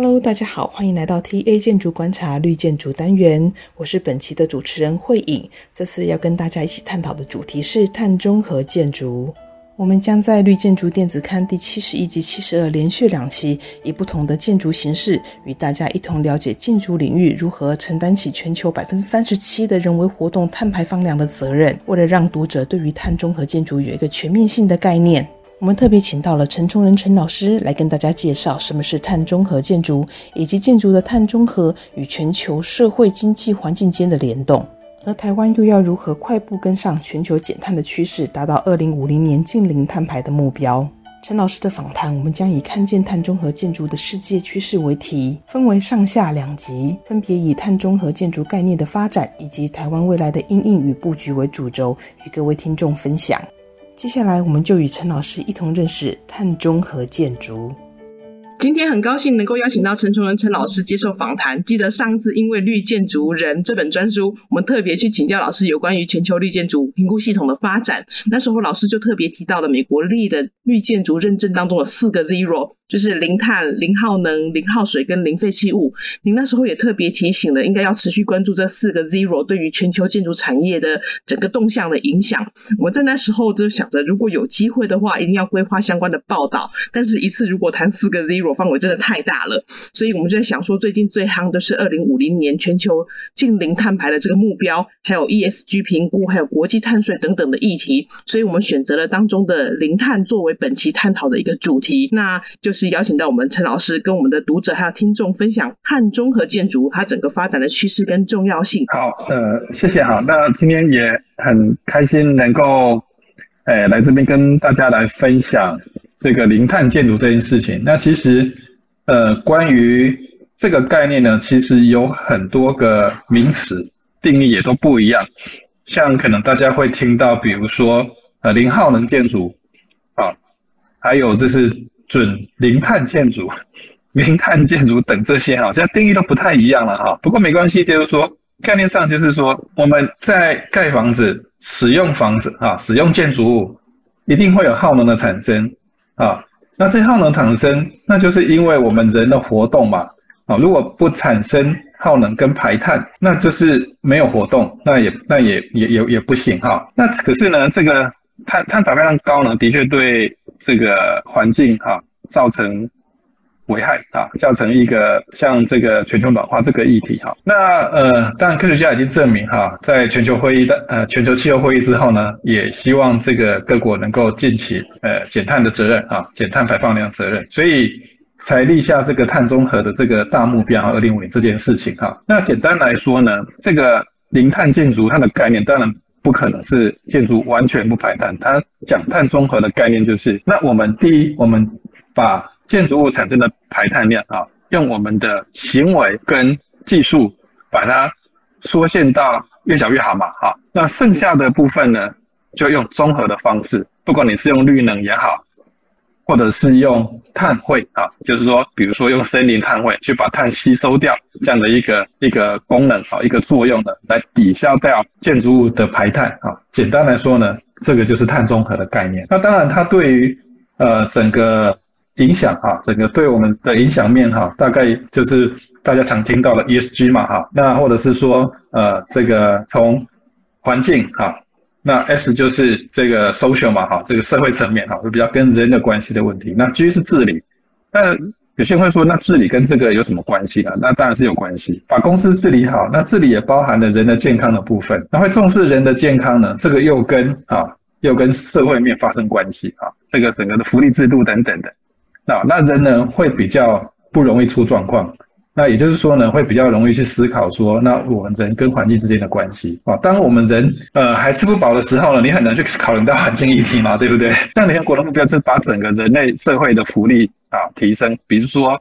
Hello，大家好，歡迎來到 TA 建築觀察綠建築單元。我是本期的主持人慧穎。這次要跟大家一起探討的主題是碳中和建築。我們將在綠建築電子刊第七十一及七十二連續兩期，以不同的建築形式，與大家一同了解建築領域如何承擔起全球百分之三十七的人為活動碳排放量的責任。為了讓讀者對於碳中和建築有一個全面性的概念。我們特別請到了陳重仁陳老師來跟大家介紹什麼是碳中和建築，以及建築的碳中和與全球社會經濟環境間的聯動。而台灣又要如何快步跟上全球減碳的趨勢，達到二零五零年淨零碳排的目標？陳老師的訪談，我們將以“看見碳中和建築的世界趨勢”為題，分為上下兩集，分別以碳中和建築概念的發展以及台灣未來的因應與布局為主軸，與各位聽眾分享。接下來，我們就與陳老師一同認識碳中和建築。今天很高興能夠邀請到陳重仁陳老師接受訪談。記得上次因為《綠建築人》這本專書，我們特別去請教老師有關於全球綠建築評估系統的發展。那時候老師就特別提到了美國 LEED 的綠建築認證當中的四個 zero，就是零碳、零耗能、零耗水跟零廢棄物。您那時候也特別提醒了，應該要持續關注這四個 zero 對於全球建築產業的整個動向的影響。我們在那時候就想着，如果有機會的話，一定要規劃相關的報道。但是，一次如果談四個 zero。範圍真的太大了，所以我們就在想說，最近最夯都是二零五零年全球近零碳排的這個目標，還有 ESG 評估，還有國際碳稅等等的議題，所以我們選擇了當中的零碳作為本期探討的一個主題。那就是邀請到我們陳老師跟我們的讀者還有聽眾分享碳中和建築它整個發展的趨勢跟重要性。好，呃，謝謝。好，那今天也很開心能夠，呃、哎、來這邊跟大家來分享。這個零碳建築這件事情，那其實，呃，關於這個概念呢，其實有很多個名詞定義也都不一樣。像可能大家會聽到，比如說，呃，零耗能建築，啊，還有就是準零碳建築、零碳建築等這些，哈、啊，這樣定義都不太一樣了，哈、啊。不過沒關係，就是說，概念上就是說，我們在蓋房子、使用房子啊、使用建築物，一定會有耗能的產生。啊、哦，那這耗能產生，那就是因為我們人的活動嘛。啊、哦，如果不產生耗能跟排碳，那就是沒有活動，那也那也也也也不行哈、哦。那可是呢，這個碳碳排放量高呢，的確對這個環境哈、啊、造成。危害啊，造成一個像這個全球暖化這個議題哈。那呃，當然科學家已經證明哈、啊，在全球會議的呃全球氣候會議之後呢，也希望這個各國能夠盡其呃減碳的責任啊，減碳排放量責任，所以才立下這個碳中和的這個大目標二零五零這件事情哈。那簡單來說呢，這個零碳建築它的概念當然不可能是建築完全不排碳，它講碳中和的概念就是，那我們第一，我們把建築物產生的排碳量啊，用我們的行為跟技術把它縮限到越小越好嘛，好，那剩下的部分呢，就用中和的方式，不管你是用綠能也好，或者是用碳匯啊，就是說，比如說用森林碳匯去把碳吸收掉這樣的一個一個功能啊，一個作用的來抵消掉建築物的排碳啊。簡單來說呢，這個就是碳中和的概念。那當然，它對於呃整個。影響哈，整個對我們的影響面哈，大概就是大家常聽到的 ESG 嘛哈，那或者是說呃，這個從環境哈，那 S 就是這個 social 嘛哈，這個社會層面哈，就比較跟人的關係的問題。那 G 是治理，那有些人會說，那治理跟這個有什麼關係啊？那當然是有關係，把公司治理好，那治理也包含了人的健康的部分，那會重視人的健康呢，這個又跟啊又跟社會面發生關係啊，這個整個的福利制度等等的。那那人呢會比較不容易出狀況，那也就是說呢，會比較容易去思考說，那我們人跟環境之間的關係啊。當我們人呃還吃不飽的時候呢，你很難去考慮到環境議題嘛，對不對？但聯合國的目標就是把整個人類社會的福利啊提升，比如說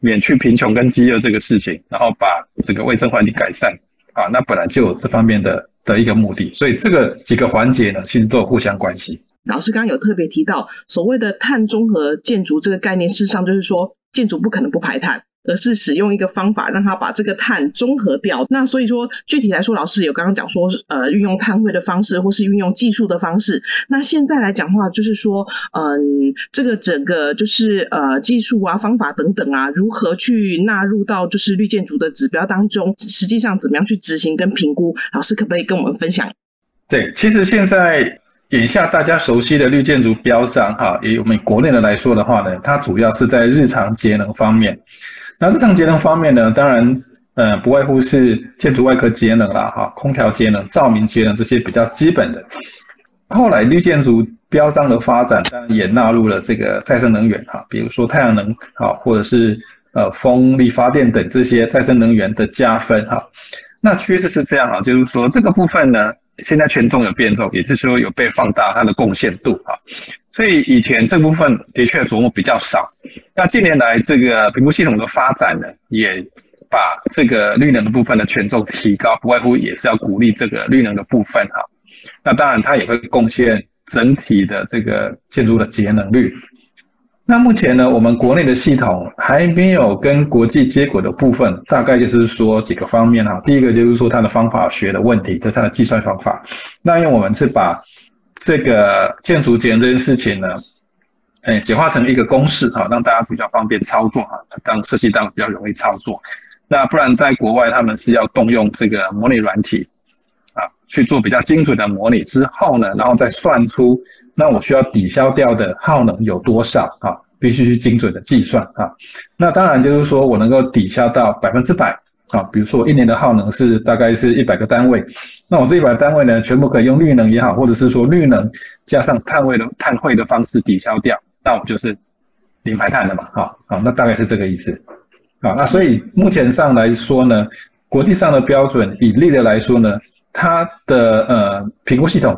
免去貧窮跟飢餓這個事情，然後把整個衛生環境改善啊。那本來就有這方面的。的一個目的，所以這個幾個環節呢，其實都有互相關係。老師剛剛有特別提到所謂的碳中和建築這個概念，事實上就是說建築不可能不排碳。而是使用一個方法，讓它把這個碳中和掉。那所以說，具體來說，老師有剛剛講說，呃，運用碳匯的方式，或是運用技術的方式。那現在來講的話，就是說，嗯、呃，這個整個就是呃技術啊、方法等等啊，如何去納入到就是綠建築的指標當中？實際上怎麼樣去執行跟評估？老師可不可以跟我們分享？對，其實現在眼下大家熟悉的綠建築標章，哈，以我們以國內的來說的話呢，它主要是在日常節能方面。那日常節能方面呢？當然，呃，不外乎是建築外殼節能啦，哈，空調節能、照明節能這些比較基本的。後來綠建築標章的發展，當然也納入了這個再生能源哈，比如說太陽能哈，或者是呃風力發電等這些再生能源的加分哈。那趨勢是這樣啊，就是說這個部分呢，現在權重有變重，也就是說有被放大它的貢獻度啊。所以以前這部分的確琢磨比較少。那近年來這個評估系統的發展呢，也把這個綠能的部分的權重提高，不外乎也是要鼓勵這個綠能的部分哈。那當然它也會貢獻整體的這個建築的節能率。那目前呢，我們國內的系統還沒有跟國際接軌的部分，大概就是說幾個方面哈。第一個就是說它的方法學的問題，就是、它的計算方法。那因為我們是把這個建築節能這件事情呢，哎，簡化成一個公式哈，讓大家比較方便操作哈，當然設計當然比較容易操作。那不然在國外他們是要動用這個模擬軟體。去做比較精準的模擬之後呢，然後再算出那我需要抵消掉的耗能有多少啊？必須去精準的計算啊。那當然就是說我能夠抵消到百分之百啊。比如說我一年的耗能是大概是一百個單位，那我這一百個單位呢，全部可以用綠能也好，或者是說綠能加上碳匯的碳匯的方式抵消掉，那我們就是零排碳的嘛。哈啊，那大概是這個意思啊。那所以目前上來說呢，國際上的標準以利的來說呢。它的呃、評估系統，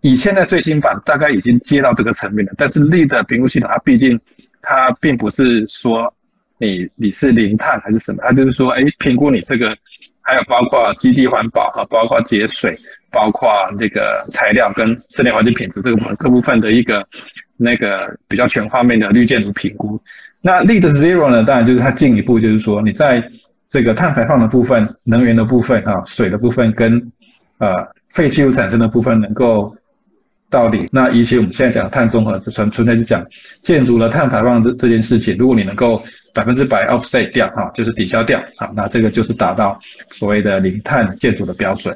以現在最新版大概已經接到這個層面了。但是 LEED 的評估系統，它畢竟它並不是說你你是零碳還是什麼，它就是說哎評估你這個，還有包括基地環保啊，包括節水，包括這個材料跟室內環境品質這個部分這部分的一個那個比較全方面的綠建築評估。那 LEED Zero 呢，當然就是它進一步就是說你在。這個碳排放的部分、能源的部分、啊水的部分跟，呃廢棄物產生的部分能夠到底，那以及我們現在講的碳中和，就純粹是講建築的碳排放這這件事情，如果你能夠百分之百 offset 掉，哈，就是抵消掉，啊，那這個就是達到所謂的零碳建築的標準。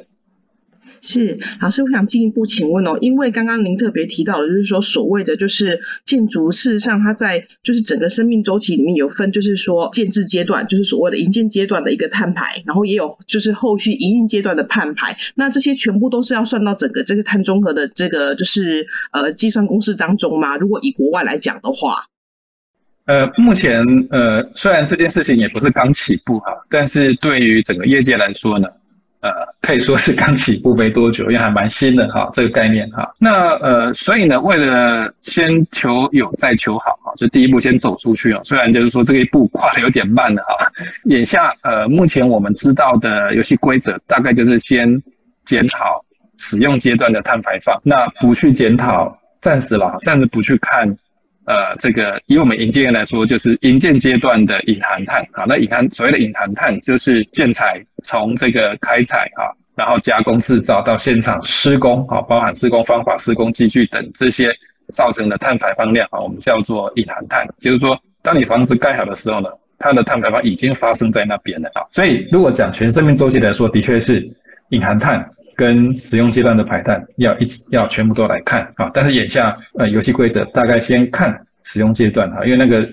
是，老師，我想進一步請問哦，因為剛剛您特別提到的，就是說所謂的就是建築，事實上它在就是整個生命周期裡面有分，就是說建制階段，就是所謂的營建階段的一個碳排，然後也有就是後續營運階段的碳排，那這些全部都是要算到整個這個碳中和的這個就是呃計算公式當中嗎？如果以國外來講的話，呃，目前呃，雖然這件事情也不是剛起步哈，但是對於整個業界來說呢。呃，可以說是剛起步沒多久，因為還蠻新的哈，這個概念哈。那呃，所以呢，為了先求有再求好，就第一步先走出去啊。雖然就是說這一步跨的有點慢了哈。眼下呃，目前我們知道的遊戲規則大概就是先檢討使用階段的碳排放，那不去檢討，暫時了，暫時不去看。呃，這個以我們營建來說，就是營建階段的隱含碳啊。好，那隱含所謂的隱含碳，就是建材從這個開採啊，然後加工製造到現場施工啊，包含施工方法、施工機具等這些造成的碳排放量啊，我們叫做隱含碳。就是說，當你房子蓋好的時候呢，它的碳排放已經發生在那邊了啊。所以，如果講全生命週期來說，的確是隱含碳。跟使用階段的排碳要一起要全部都來看啊，但是眼下呃遊戲規則大概先看使用階段哈，因為那個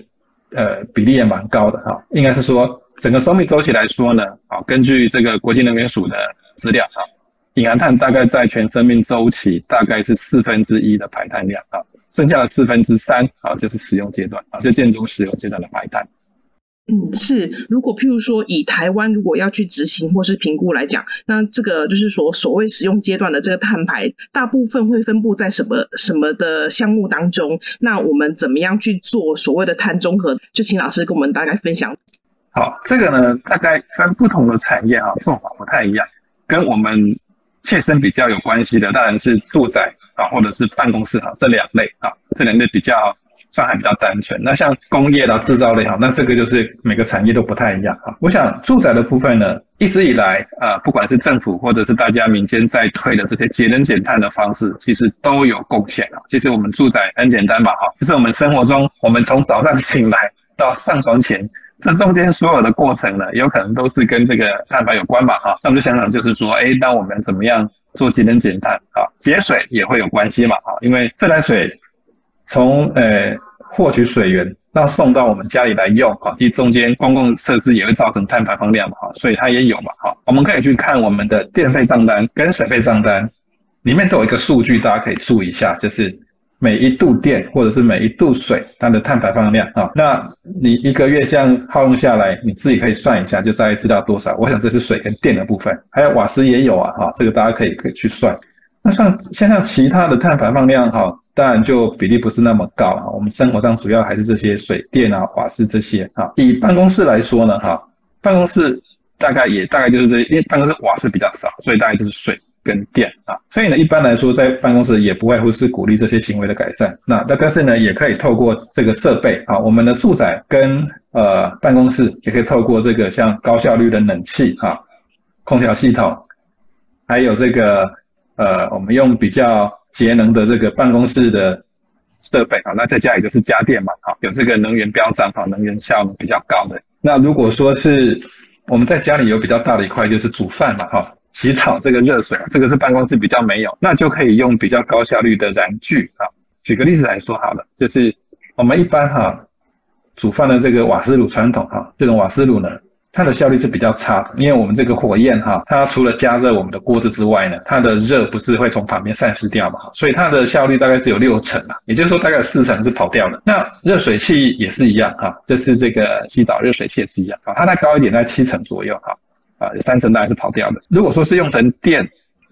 呃比例也蠻高的哈，應該是說整個生命週期來說呢，啊根據這個國際能源署的資料啊，隱含碳大概在全生命週期大概是四分之一的排碳量啊，剩下的四分之三啊就是使用階段啊，就建築使用階段的排碳。嗯，是。如果譬如說以台灣如果要去執行或是評估來講，那這個就是所所謂使用階段的這個碳排，大部分會分布在什麼什麼的項目當中？那我們怎麼樣去做所謂的碳中和？就請老師跟我們大概分享。好，這個呢，大概分不同的產業哈，啊，做法不太一樣。跟我們切身比較有關係的，當然是住宅啊，或者是辦公室啊這兩類啊，這兩類比較。上海比較單純，那像工業啦、製造類哈，那這個就是每個產業都不太一樣哈。我想住宅的部分呢，一直以來啊、呃，不管是政府或者是大家民間在推的這些節能減碳的方式，其實都有貢獻啊。其實我們住宅很簡單嘛哈，就是我們生活中，我們從早上醒來到上床前，這中間所有的過程呢，有可能都是跟這個碳排有關吧。哈。那我們就想想，就是說，哎、欸，那我們怎麼樣做節能減碳啊？節水也會有關係嘛哈，因為自來水。從呃獲取水源，那送到我們家裡來用啊，其實中間公共設施也會造成碳排放量嘛哈，所以它也有嘛哈。我們可以去看我們的電費賬單跟水費賬單，裡面都有一個數據，大家可以注意一下，就是每一度電或者是每一度水它的碳排放量啊。那你一個月這樣耗用下來，你自己可以算一下，就大概知道多少。我想這是水跟電的部分，還有瓦斯也有啊哈，這個大家可以可以去算。那像像像其他的碳排放量哈，當然就比例不是那麼高了。我們生活上主要還是這些水電啊、瓦斯這些哈，以辦公室來說呢，哈，辦公室大概也大概就是這些，因為辦公室瓦斯比較少，所以大概就是水跟電啊。所以呢，一般來說在辦公室也不外乎是鼓勵這些行為的改善。那那但是呢，也可以透過這個設備啊，我們的住宅跟呃辦公室也可以透過這個像高效率的冷氣哈、空調系統，還有這個。呃，我們用比較節能的這個辦公室的設備，好，那在家裡就是家電嘛，好，有這個能源標章，哈，能源效能比較高的。那如果說是我們在家裡有比較大的一塊，就是煮飯嘛，哈，洗澡這個熱水，這個是辦公室比較沒有，那就可以用比較高效率的燃具，哈、啊。舉個例子來說好了，就是我們一般哈、啊、煮飯的這個瓦斯爐，傳統哈、啊、這種瓦斯爐呢。它的效率是比較差的，因為我們這個火焰哈，它除了加熱我們的鍋子之外呢，它的熱不是會從旁邊散失掉嘛？所以它的效率大概是有六成啊，也就是說大概四成是跑掉了。那熱水器也是一樣哈，這是這個洗澡熱水器也是一樣啊，它再高一點在七成左右哈，啊，三成大概是跑掉的。如果說是用成電，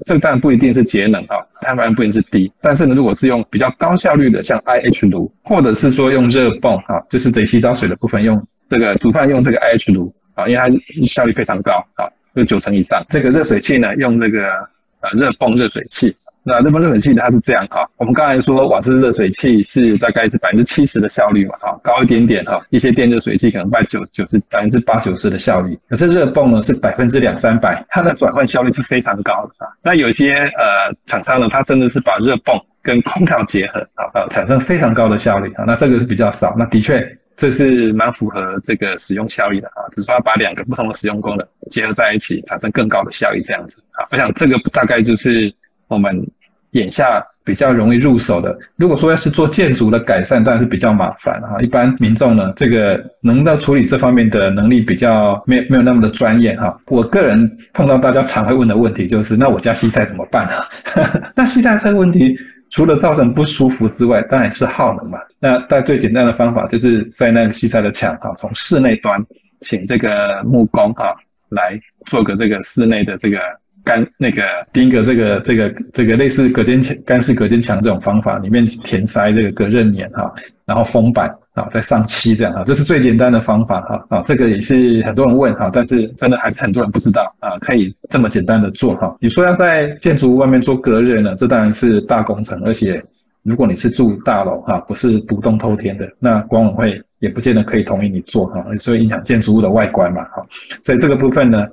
這個、當然不一定是節能啊，它當然不一定是低，但是呢，如果是用比較高效率的，像 IH 爐，或者是說用熱泵哈，就是只洗澡水的部分用這個煮飯用這個 IH 爐。啊，因為它是效率非常高，啊，有九成以上。這個熱水器呢，用這個啊熱泵熱水器。那熱泵熱水器呢，它是這樣哈，我們剛才說瓦斯熱水器是大概是百分之七十的效率嘛，哈，高一點點哈。一些電熱水器可能賣九九十百分之八九十的效率，可是熱泵呢是百分之兩三百，它的轉換效率是非常高的啊。那有些呃廠商呢，他真的是把熱泵跟空調結合啊，呃，產生非常高的效率啊。那這個是比較少，那的確。這是蠻符合這個使用效益的啊，只是要把兩個不同的使用功能結合在一起，產生更高的效益這樣子啊。我想這個大概就是我們眼下比較容易入手的。如果說要是做建築的改善，當然是比較麻煩哈、啊，一般民眾呢，這個能到處理這方面的能力比較沒沒有那麼的專業哈、啊。我個人碰到大家常會問的問題就是，那我家西曬怎麼辦哈、啊， 那西曬這個問題。除了造成不舒服之外，當然是耗能嘛。那但最簡單的方法就是在那個西側的牆啊，從室內端請這個木工哈，來做個這個室內的這個乾那個釘個這個這個、這個、這個類似隔間牆、乾式隔間牆這種方法，裡面填塞這個隔熱棉哈，然後封板。啊，在上期這樣啊，這是最簡單的方法哈。啊，這個也是很多人問哈，但是真的還是很多人不知道啊，可以這麼簡單的做哈。你說要在建築物外面做隔熱呢，這當然是大工程，而且如果你是住大樓哈，不是獨棟透天的，那管委會也不見得可以同意你做哈，所以影響建築物的外觀嘛。哈，所以這個部分呢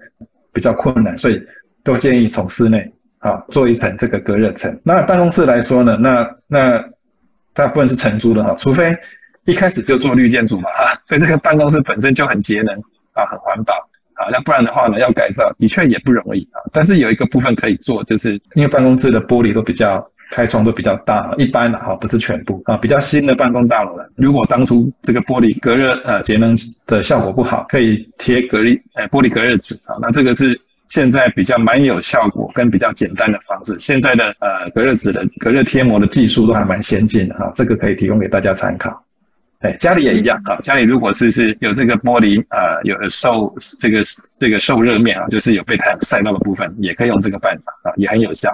比較困難，所以都建議從室內啊做一層這個隔熱層。那辦公室來說呢，那那大部分是承租的哈，除非。一開始就做綠建築嘛，哈，所以這個辦公室本身就很節能啊，很環保啊。那不然的話呢，要改造的確也不容易啊。但是有一個部分可以做，就是因為辦公室的玻璃都比較開窗都比較大，一般的哈，不是全部啊，比較新的辦公大樓了。如果當初這個玻璃隔熱呃節能的效果不好，可以貼隔離玻璃隔熱紙啊。那這個是現在比較蠻有效果跟比較簡單的方式。現在的呃隔熱紙的隔熱貼膜的技術都還蠻先進的哈，這個可以提供給大家參考。哎，家裡也一樣啊。家裡如果是是有這個玻璃，呃，有受這個這個受熱面啊，就是有被太陽曬到的部分，也可以用這個辦法啊，也很有效。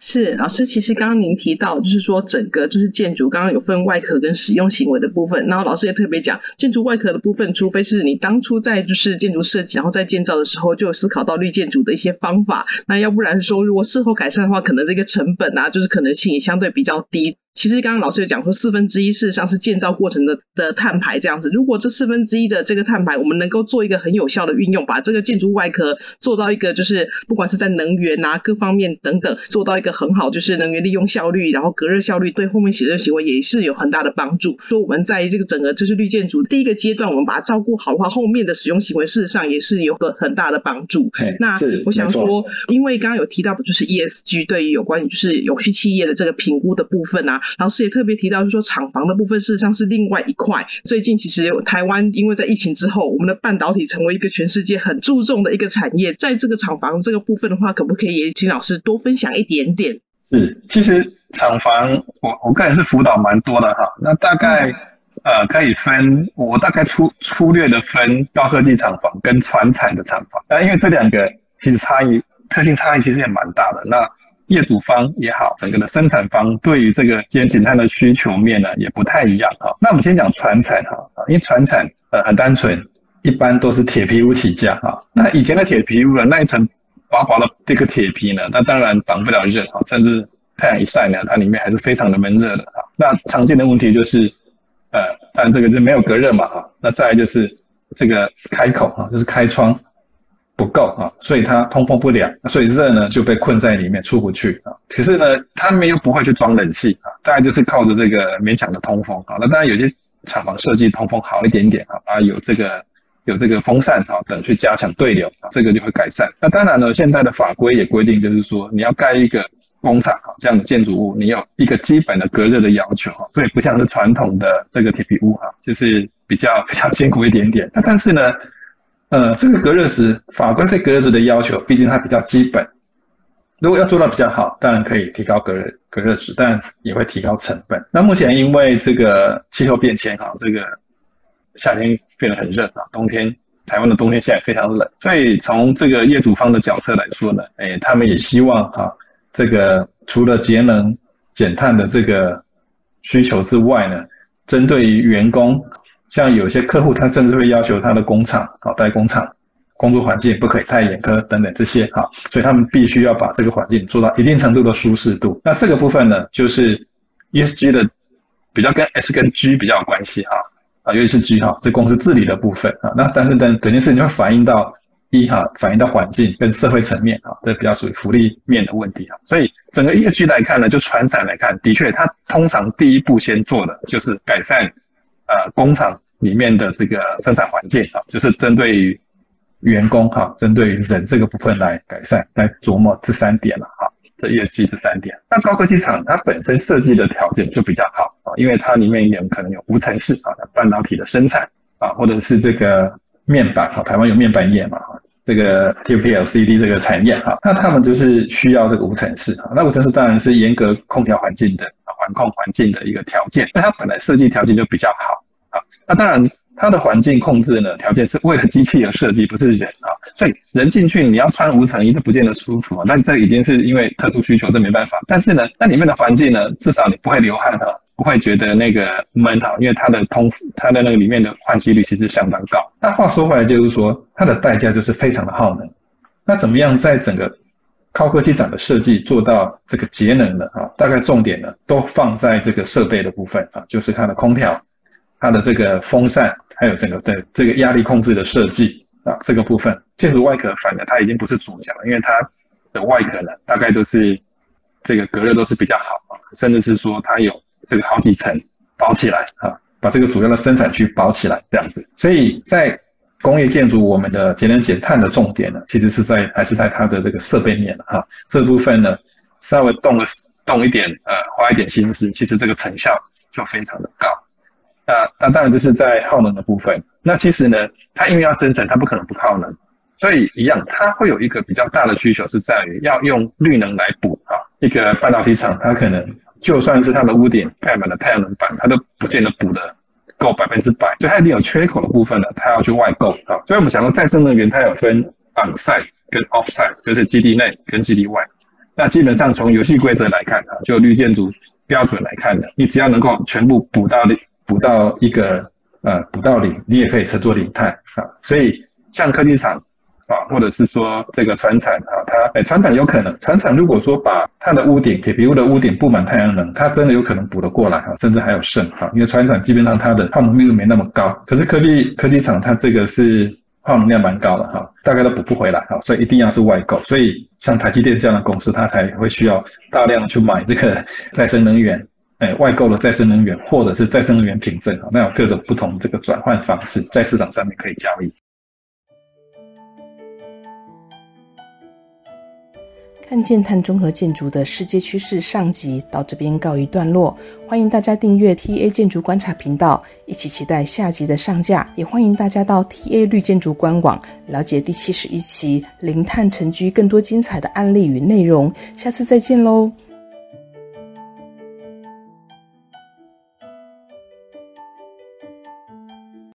是，老師其實剛剛您提到，就是說整個就是建築，剛剛有分外殼跟使用行為的部分。然後老師也特別講，建築外殼的部分，除非是你當初在就是建築設計，然後在建造的時候就有思考到綠建築的一些方法，那要不然說如果事後改善的話，可能這個成本啊，就是可能性也相對比較低。其實剛剛老師有講說，四分之一事實上是建造過程的的碳排這樣子。如果這四分之一的這個碳排，我們能夠做一個很有效的運用，把這個建築外殼做到一個就是，不管是在能源啊各方面等等，做到一個很好，就是能源利用效率，然後隔熱效率，對後面使用行為也是有很大的幫助。說我們在這個整個就是綠建築第一個階段，我們把它照顧好的話，後面的使用行為事實上也是有個很大的幫助。那我想說，因為剛剛有提到就是 ESG 對於有關於就是永續企業的這個評估的部分啊。老師也特別提到，就是說廠房的部分，事實上是另外一塊。最近其實台灣因為在疫情之後，我們的半導體成為一個全世界很注重的一個產業。在這個廠房這個部分的話，可不可以也請老師多分享一點點？是，其實廠房我我個人是輔導蠻多的哈。那大概、嗯、呃可以分，我大概粗粗略的分高科技廠房跟傳產的廠房。那、啊、因為這兩個其實差異特性差異其實也蠻大的。那業主方也好，整個的生產方對於這個煎餅它的需求面呢，也不太一樣啊。那我們先講傳產哈，因為傳產呃很單純，一般都是鐵皮屋起家哈。那以前的鐵皮屋呢，那一層薄薄的這個鐵皮呢，那當然擋不了熱啊，甚至太陽一曬呢，它裡面還是非常的悶熱的。那常見的問題就是，呃，當然這個就沒有隔熱嘛。那再來就是這個開口哈，就是開窗。不夠啊，所以它通風不良，所以熱呢就被困在裡面出不去啊。可是呢，他們又不會去裝冷氣啊，大概就是靠着這個勉強的通風啊。那當然有些廠房設計通風好一點點啊，啊有這個有這個風扇啊等去加強對流啊，這個就會改善。那當然呢，現在的法規也規定，就是說你要蓋一個工廠這樣的建築物，你要一個基本的隔熱的要求，所以不像是傳統的這個鐵皮屋啊，就是比較比較辛苦一點點。那但，但是呢，呃、嗯，這個隔熱值，法官對隔熱值的要求，畢竟它比較基本。如果要做到比較好，當然可以提高隔熱隔熱值，但也會提高成本。那目前因為這個氣候變遷哈，這個夏天變得很熱啊，冬天台灣的冬天現在非常冷，所以從這個業主方的角色來說呢，哎，他們也希望啊，這個除了節能減碳的這個需求之外呢，針對於員工。像有些客戶，他甚至會要求他的工廠，啊，代工廠，工作環境不可以太嚴苛等等這些，好，所以他們必須要把這個環境做到一定程度的舒適度。那這個部分呢，就是 ESG 的比較跟 S 跟 G 比較有關係，哈，啊，尤其是 G 哈，這公司治理的部分啊，那但是等整件事就會反映到一哈，反映到環境跟社會層面啊，這比較屬於福利面的問題啊，所以整個 ESG 來看呢，就傳產來看，的確，他通常第一步先做的就是改善。呃，工廠裡面的這個生產環境啊，就是針對員工哈，針對人這個部分來改善，來琢磨這三點了哈，這業績這三點。那高科技廠它本身設計的條件就比較好啊，因為它裡面有可能有無塵室啊，半導體的生產啊，或者是這個面板，台灣有面板業嘛，這個 TFT-LCD 這個產業啊，那他們就是需要這個無塵室，那無塵室當然是嚴格空調環境的。管控環境的一個條件，那它本來設計條件就比較好啊。那當然，它的環境控制呢，條件是為了機器而設計，不是人啊。所以人進去，你要穿無塵衣，這不見得舒服。但這已經是因為特殊需求，這沒辦法。但是呢，那裡面的環境呢，至少你不會流汗哈、啊，不會覺得那個悶哈、啊，因為它的通它的那個裡面的換氣率其實相當高。那話說回來，就是說它的代價就是非常的耗能。那怎麼樣，在整個高科技廠的設計做到這個節能的，啊，大概重點呢都放在這個設備的部分啊，就是它的空調、它的這個風扇，還有整個這個對這個壓力控制的設計啊，這個部分建築外殼反而它已經不是主角了，因為它的外殼呢大概都是這個隔熱都是比較好啊，甚至是說它有這個好幾層包起來啊，把這個主要的生產區包起來這樣子，所以在。工業建築，我們的節能減碳的重點呢，其實是在還是在它的這個設備面啊，這部分呢，稍微動了動一點，呃，花一點心思，其實這個成效就非常的高。那、啊、那、啊、當然就是在耗能的部分。那其實呢，它因為要生產，它不可能不耗能，所以一樣，它會有一個比較大的需求是在於要用綠能來補哈、啊。一個半導體廠，它可能就算是它的屋頂蓋滿了太陽能板，它都不見得補的。夠百分之百，所以它已經有缺口的部分了，它要去外購啊。所以我們想說再生能源，它有分 onsite 跟 offsite，就是基地內跟基地外。那基本上從遊戲規則來看啊，就綠建築標準來看的，你只要能夠全部補到的，補到一個呃補到零，你也可以稱作零碳啊。所以像科技廠。啊，或者是說這個船廠啊，它哎，船廠有可能，船廠如果說把它的屋頂鐵皮屋的屋頂佈滿太陽能，它真的有可能補得過來啊，甚至還有剩哈。因為船廠基本上它的耗能密度沒那麼高，可是科技科技廠它這個是耗能量蠻高的哈，大概都補不回來啊，所以一定要是外購。所以像台積電這樣的公司，它才會需要大量去買這個再生能源，哎，外購的再生能源，或者是再生能源憑證，那有各種不同這個轉換方式，在市場上面可以交易。看見碳中和建築的世界趨勢上集到這邊告一段落，歡迎大家訂閱 TA 建築觀察頻道，一起期待下集的上架。也歡迎大家到 TA 綠建築官網了解第七十一期零碳成居更多精彩的案例與內容。下次再見嘍！